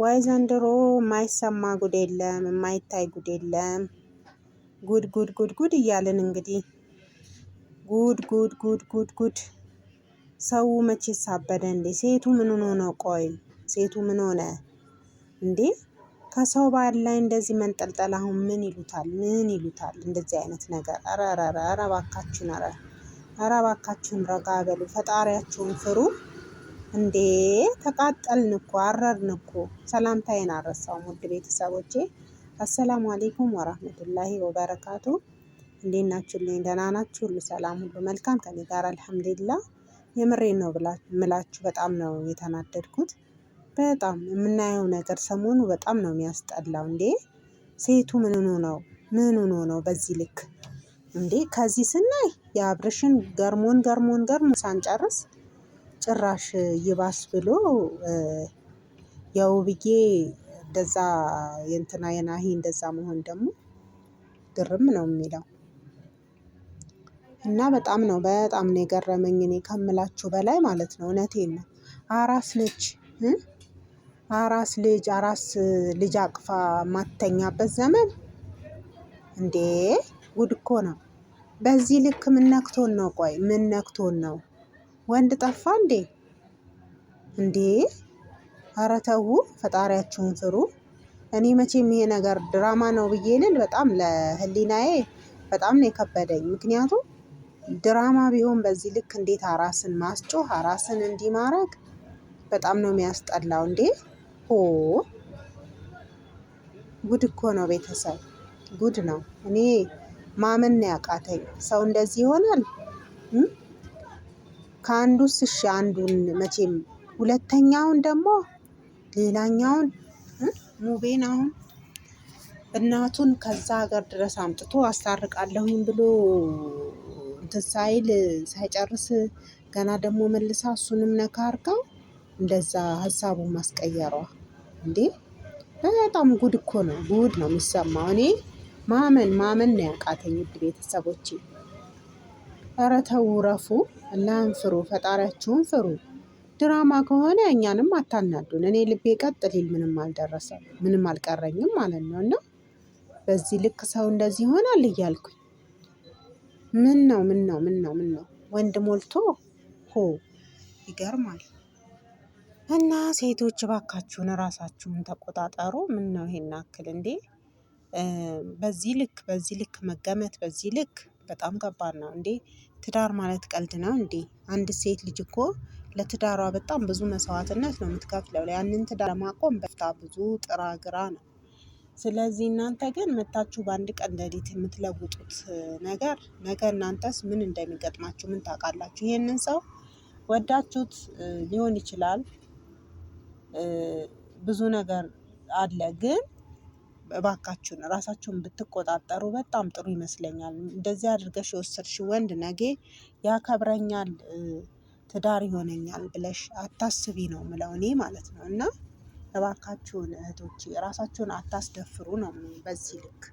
ወይ ዘንድሮ የማይሰማ ጉድ የለም፣ የማይታይ ጉድ የለም። ጉድ ጉድ ጉድ ጉድ እያልን እንግዲህ ጉድ ጉድ ጉድ ጉድ ጉድ ሰው መቼ ሳበደ እንዴ? ሴቱ ምን ሆኖ ነው? ቆይ ሴቱ ምን ሆነ እንዴ? ከሰው ባል ላይ እንደዚህ መንጠልጠል አሁን ምን ይሉታል? ምን ይሉታል? እንደዚህ አይነት ነገር ኧረ ኧረ ኧረ እባካችሁን ኧረ ኧረ እባካችሁን ረጋ በሉ፣ ፈጣሪያችሁን ፍሩ። እንዴ ተቃጠልን እኮ አረርን እኮ። ሰላምታዬን አልረሳሁም። ውድ ቤተሰቦቼ አሰላሙ አሌይኩም ወራህመቱላሂ ወበረካቱ። እንዴት ናችሁልኝ? ደህና ናችሁ? ሁሉ ሰላም፣ ሁሉ መልካም ከኔ ጋር አልሐምዱሊላ። የምሬን ነው ምላችሁ፣ በጣም ነው የተናደድኩት። በጣም የምናየው ነገር ሰሞኑ በጣም ነው የሚያስጠላው። እንዴ ሴቱ ምንኑ ነው ምንኑ ነው በዚህ ልክ እንዴ? ከዚህ ስናይ የአብርሽን ገርሞን ገርሞን ገርሞ ሳንጨርስ ጭራሽ ይባስ ብሎ የውብዬ እንደዛ የእንትና የናሂ እንደዛ መሆን ደግሞ ግርም ነው የሚለው። እና በጣም ነው በጣም ነው የገረመኝ እኔ ከምላችሁ በላይ ማለት ነው። እውነቴን ነው። አራስ ልጅ አራስ ልጅ አራስ ልጅ አቅፋ ማተኛበት ዘመን እንዴ! ጉድ እኮ ነው። በዚህ ልክ ምን ነክቶን ነው? ቆይ ምን ነክቶን ነው? ወንድ ጠፋ እንዴ? እንዴ! አረ ተው፣ ፈጣሪያችሁን ፍሩ። እኔ መቼም ይሄ ነገር ድራማ ነው ብዬ ልል በጣም ለህሊናዬ በጣም ነው የከበደኝ። ምክንያቱም ድራማ ቢሆን በዚህ ልክ እንዴት አራስን ማስጮህ አራስን እንዲማረግ በጣም ነው የሚያስጠላው። እንዴ ሆ ጉድ እኮ ነው ቤተሰብ፣ ጉድ ነው። እኔ ማመን ነው ያቃተኝ። ሰው እንደዚህ ይሆናል። ከአንዱ ስሽ አንዱን መቼም ሁለተኛውን ደግሞ ሌላኛውን ሙቤን አሁን እናቱን ከዛ ሀገር ድረስ አምጥቶ አስታርቃለሁኝ ብሎ እንትን ሳይል ሳይጨርስ ገና ደግሞ መልሳ እሱንም ነካ እንደዛ ሀሳቡ ማስቀየሯ እንዴ በጣም ጉድ እኮ ነው። ጉድ ነው የሚሰማው። እኔ ማመን ማመን ነው ያቃተኝ ውድ ቤተሰቦቼ። እረ ተው ረፉ እና እንፍሩ፣ ፈጣሪያችሁን ፍሩ። ድራማ ከሆነ እኛንም አታናዱን። እኔ ልቤ ቀጥ ሊል ምንም አልደረሰም፣ ምንም አልቀረኝም ማለት ነው። እና በዚህ ልክ ሰው እንደዚህ ይሆናል እያልኩኝ ምን ነው ምን ነው ምን ነው ምን ነው ወንድ ሞልቶ ሆ ይገርማል። እና ሴቶች እባካችሁን ራሳችሁን ተቆጣጠሩ። ምን ነው ይሄን አክል እንዴ! በዚህ ልክ በዚህ ልክ መገመት በዚህ ልክ በጣም ከባድ ነው እንዴ! ትዳር ማለት ቀልድ ነው እንዴ! አንድ ሴት ልጅ እኮ ለትዳሯ በጣም ብዙ መስዋዕትነት ነው የምትከፍለው። ያንን ትዳር ለማቆም በፍታ ብዙ ጥራ ግራ ነው። ስለዚህ እናንተ ግን መታችሁ በአንድ ቀን ሌሊት የምትለውጡት ነገር ነገ እናንተስ ምን እንደሚገጥማችሁ ምን ታውቃላችሁ? ይህንን ሰው ወዳችሁት ሊሆን ይችላል ብዙ ነገር አለ ግን እባካችሁን ራሳችሁን ብትቆጣጠሩ በጣም ጥሩ ይመስለኛል። እንደዚህ አድርገሽ የወሰድሽ ወንድ ነገ ያከብረኛል፣ ትዳር ይሆነኛል ብለሽ አታስቢ ነው ምለው እኔ ማለት ነው። እና እባካችሁን እህቶቼ ራሳችሁን አታስደፍሩ ነው በዚህ ልክ